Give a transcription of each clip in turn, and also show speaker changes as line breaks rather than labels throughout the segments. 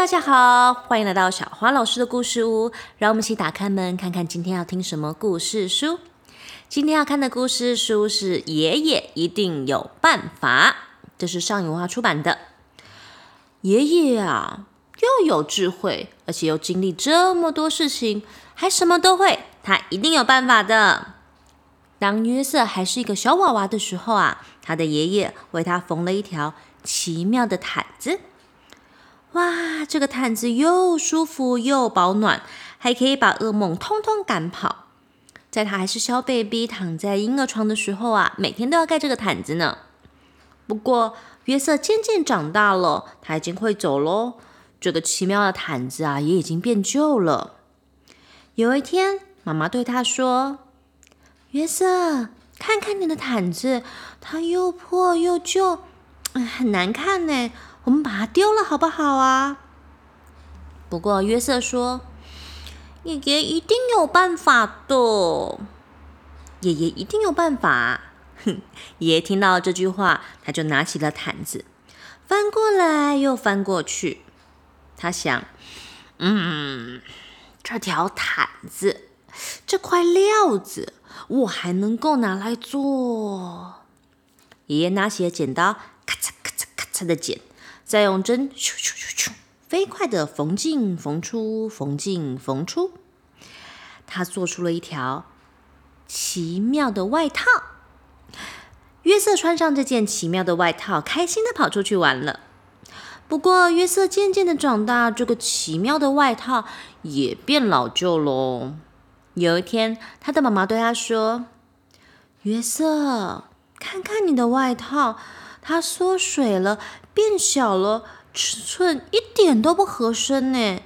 大家好，歡迎來到小花老師的故事屋。讓我們一起打開門，看看今天要聽什麼故事書。今天要看的故事書是《爺爺一定有辦法》，這是上誼文化出版的。爺爺啊，又有智慧，而且又經歷這麼多事情，還什麼都會，他一定有辦法的。當約瑟還是一個小娃娃的時候啊，他的爺爺為他縫了一條奇妙的毯子。哇，這個毯子，又舒服又保暖，還可以把噩夢通通趕跑。在他還是小貝 y 躺在嬰兒床的時候啊，每天都要蓋這個毯子呢。不過約瑟漸漸長大了，他已經會走嘍，這個奇妙的毯子啊也已經變舊了。有一天，媽媽對他說：“約瑟，看看你的毯子，它又破又舊，很難看呢、欸。”我們把它丟了好不好啊？不過約瑟說：“爺爺一定有辦法的。”爺爺一定有辦法。哼！爺爺聽到這句話，他就拿起了毯子，翻過來又翻過去。他想：“嗯，這條毯子，這塊料子，我還能夠拿來做。”爺爺拿起了剪刀，咔嚓咔嚓咔嚓的剪。再用針咻咻咻咻，飛快的縫進縫出，縫進縫出，他做出了一條奇妙的外套。約瑟穿上這件奇妙的外套，開心的跑出去玩了。不過，約瑟漸漸的長大，這個奇妙的外套也變老舊嘍。有一天，他的媽媽對他說：“約瑟，看看你的外套，它縮水了。”變小了，尺寸一點都不合身呢。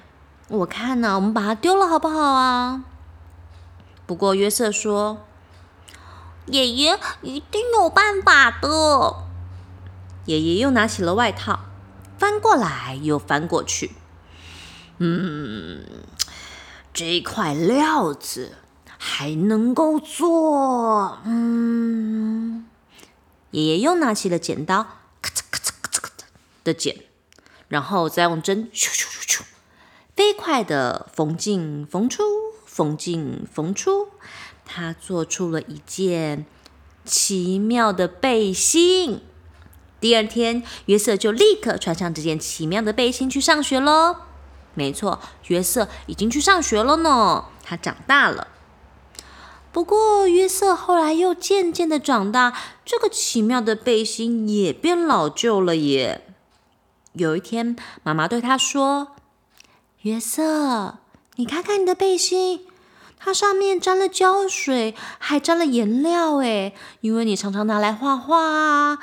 我看呢，我們把它丟了好不好啊？不過約瑟說，爺爺一定有辦法的。爺爺又拿起了外套，翻過來又翻過去。嗯，這塊料子還能夠做。嗯，爺爺又拿起了剪刀。的剪，然後再用針啾啾啾啾飛快的縫進縫出，縫進縫出，他做出了一件奇妙的背心。第二天，約瑟就立刻穿上這件奇妙的背心去上學嘍。沒錯，約瑟已經去上學了呢。他長大了。不過，約瑟後來又漸漸的長大，這個奇妙的背心也變老舊了耶。有一天，媽媽對他說：“約瑟，你看看你的背心，它上面沾了膠水，還沾了顏料，誒，因為你常常拿來畫畫啊。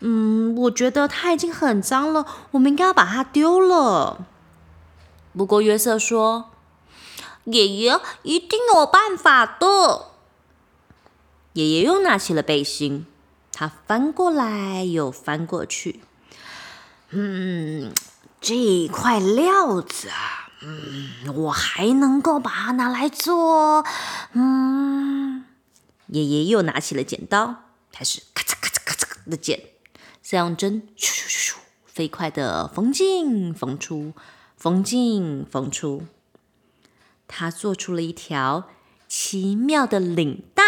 嗯，我覺得它已經很髒了，我們應該要把它丟了。”不過，約瑟說：“爺爺一定有辦法的。”爺爺又拿起了背心，他翻過來又翻過去。嗯，這塊料子啊，嗯，我還能夠把它拿來做。嗯，爺爺又拿起了剪刀，開始咔嚓、咔嚓、咔嚓的剪，再用針咻咻咻咻，飛快地縫進縫出，縫進縫出，他做出了一條奇妙的領帶。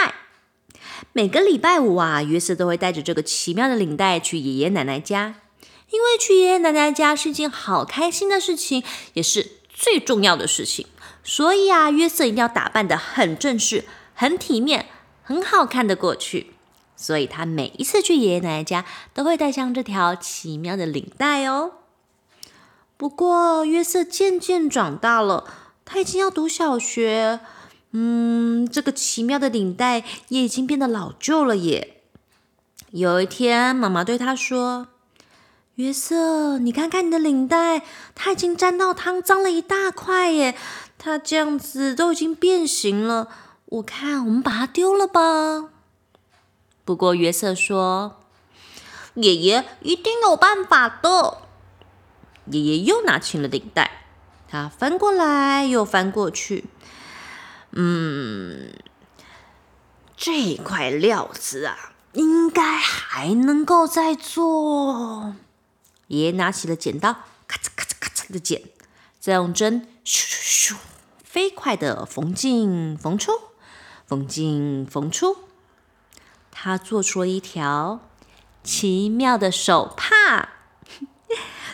每個禮拜五啊，約瑟都會帶着這個奇妙的領帶去爺爺奶奶家。因為去爺爺奶奶家是一件好開心的事情，也是最重要的事情，所以啊，約瑟一定要打扮得很正式、很體面、很好看的過去。所以他每一次去爺爺奶奶家，都會戴上這條奇妙的領帶哦。不過，約瑟漸漸長大了，他已經要讀小學，嗯，這個奇妙的領帶也已經變得老舊了耶。有一天，媽媽對他說。約瑟，你看看你的領帶，它已經沾到湯，髒了一大塊耶！它這樣子都已經變形了，我看我們把它丟了吧。不過約瑟說：“爺爺一定有辦法的。”爺爺又拿起了領帶，它翻過來又翻過去，嗯，這塊料子啊，應該還能夠再做。爺爺拿起了剪刀，咔嚓咔嚓咔嚓的剪，再用針咻咻咻，飛快的縫進縫出，縫進縫出，他做出了一條奇妙的手帕。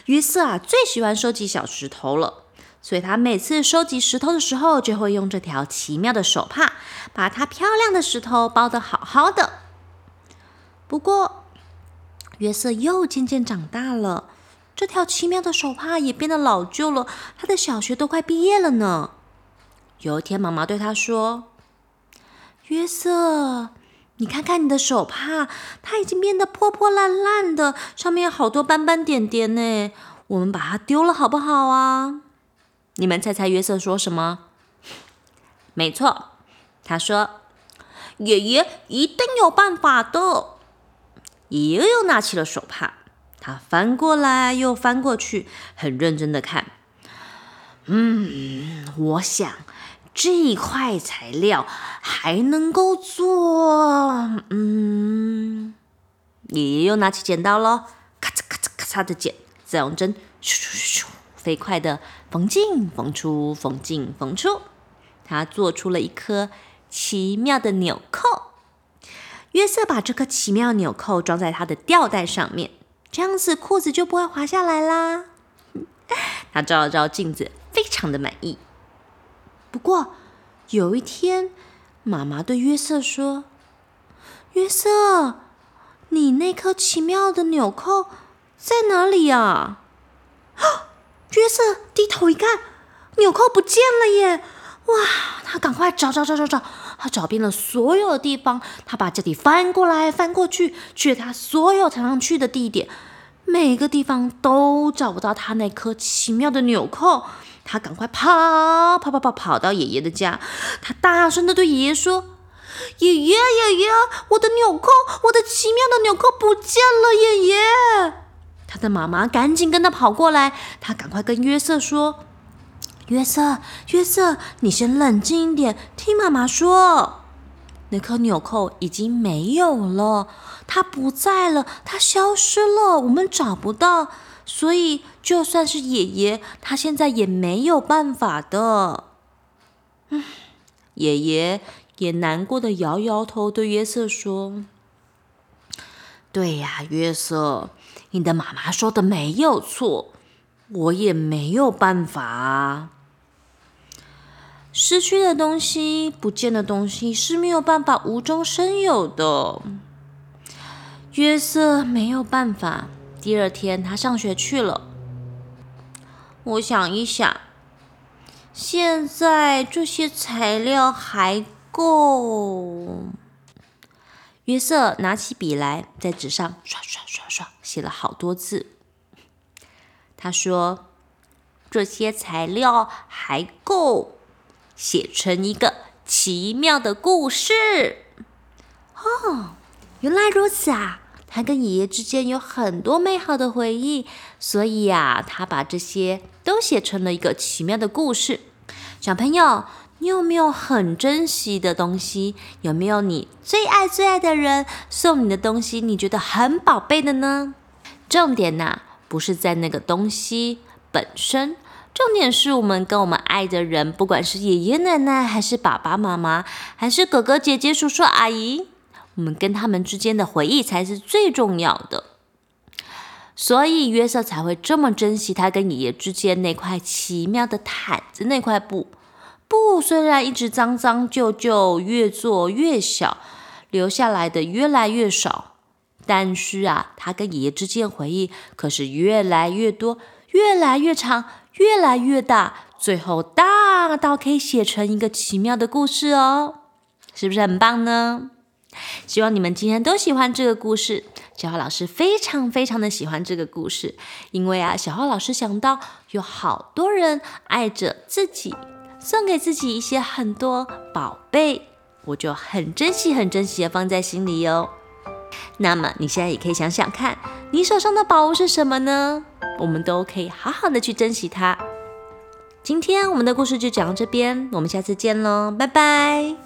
約 瑟啊，最喜歡收集小石頭了，所以他每次收集石頭的時候，就會用這條奇妙的手帕，把它漂亮的石頭包的好好的。不過，約瑟又漸漸長大了，這條奇妙的手帕也變得老舊了。他的小學都快畢業了呢。有一天，媽媽對他說：“約瑟，你看看你的手帕，它已經變得破破爛爛的，上面有好多斑斑點點呢。我們把它丟了好不好啊？”你們猜猜約瑟說什麼？沒錯，他說：“爺爺一定有辦法的。”爺爺又拿起了手帕，他翻過來又翻過去，很認真的看。嗯，我想這塊材料還能夠做……嗯，爺爺又拿起剪刀咯，咔嚓咔嚓咔嚓的剪，再用針咻咻咻咻，飛快地縫進縫出縫進縫出，他做出了一顆奇妙的紐扣。約瑟把這顆奇妙紐扣裝在他的吊帶上面，這樣子褲子就不會滑下來啦。他照了照鏡子，非常的滿意。不過有一天，媽媽對約瑟說：“約瑟，你那顆奇妙的紐扣在哪裡啊？”約瑟低頭一看，紐扣不見了耶！哇，他趕快找找找找找。他找遍了所有的地方，他把這裡翻過來翻過去，去了他所有常去的地點，每個地方都找不到他那顆奇妙的紐扣。他趕快跑，跑跑跑跑到爺爺的家，他大聲的對爺爺說：“爺爺，爺爺，我的紐扣，我的奇妙的紐扣不見了，爺爺！”他的媽媽趕緊跟他跑過來，他趕快跟約瑟說。約瑟，約瑟，你先冷靜一點，聽媽媽說，那顆紐扣已經沒有了，它不在了，它消失了，我們找不到，所以就算是爺爺，他現在也沒有辦法的。嗯，爺爺也難過的搖搖頭對約瑟、嗯，對約瑟說：“對呀，約瑟，你的媽媽說的沒有錯，我也沒有辦法啊。”失去的東西、不見的東西是沒有辦法無中生有的。約瑟沒有辦法。第二天，他上學去了。我想一想，現在這些材料還夠。約瑟拿起筆來，在紙上刷刷刷刷寫了好多字。他說：“這些材料還夠。”寫成一個奇妙的故事，哦，原來如此啊！他跟爺爺之間有很多美好的回憶，所以呀，他把這些都寫成了一個奇妙的故事。小朋友，你有沒有很珍惜的東西？有沒有你最愛最愛的人送你的東西，你覺得很寶貝的呢？重點呢，不是在那個東西本身。重點是我們跟我們愛的人，不管是爺爺奶奶，還是爸爸媽媽，還是哥哥姐姐、叔叔阿姨，我們跟他們之間的回憶才是最重要的。所以約瑟才會這麼珍惜他跟爺爺之間那塊奇妙的毯子，那塊布。布雖然一直髒髒舊舊，越做越小，留下來的越來越少，但是啊，他跟爺爺之間的回憶可是越來越多，越來越長，越來越大，最後大到可以寫成一個奇妙的故事哦，是不是很棒呢？希望你們今天都喜歡這個故事。小花老師非常非常的喜歡這個故事，因為啊，小花老師想到有好多人愛着自己，送給自己一些很多寶貝，我就很珍惜、很珍惜地放在心裡哦。那麼你現在也可以想想看，你手上的寶物是什麼呢？我們都可以好好的去珍惜它。今天我們的故事就講到這邊，我們下次見嘍，拜拜。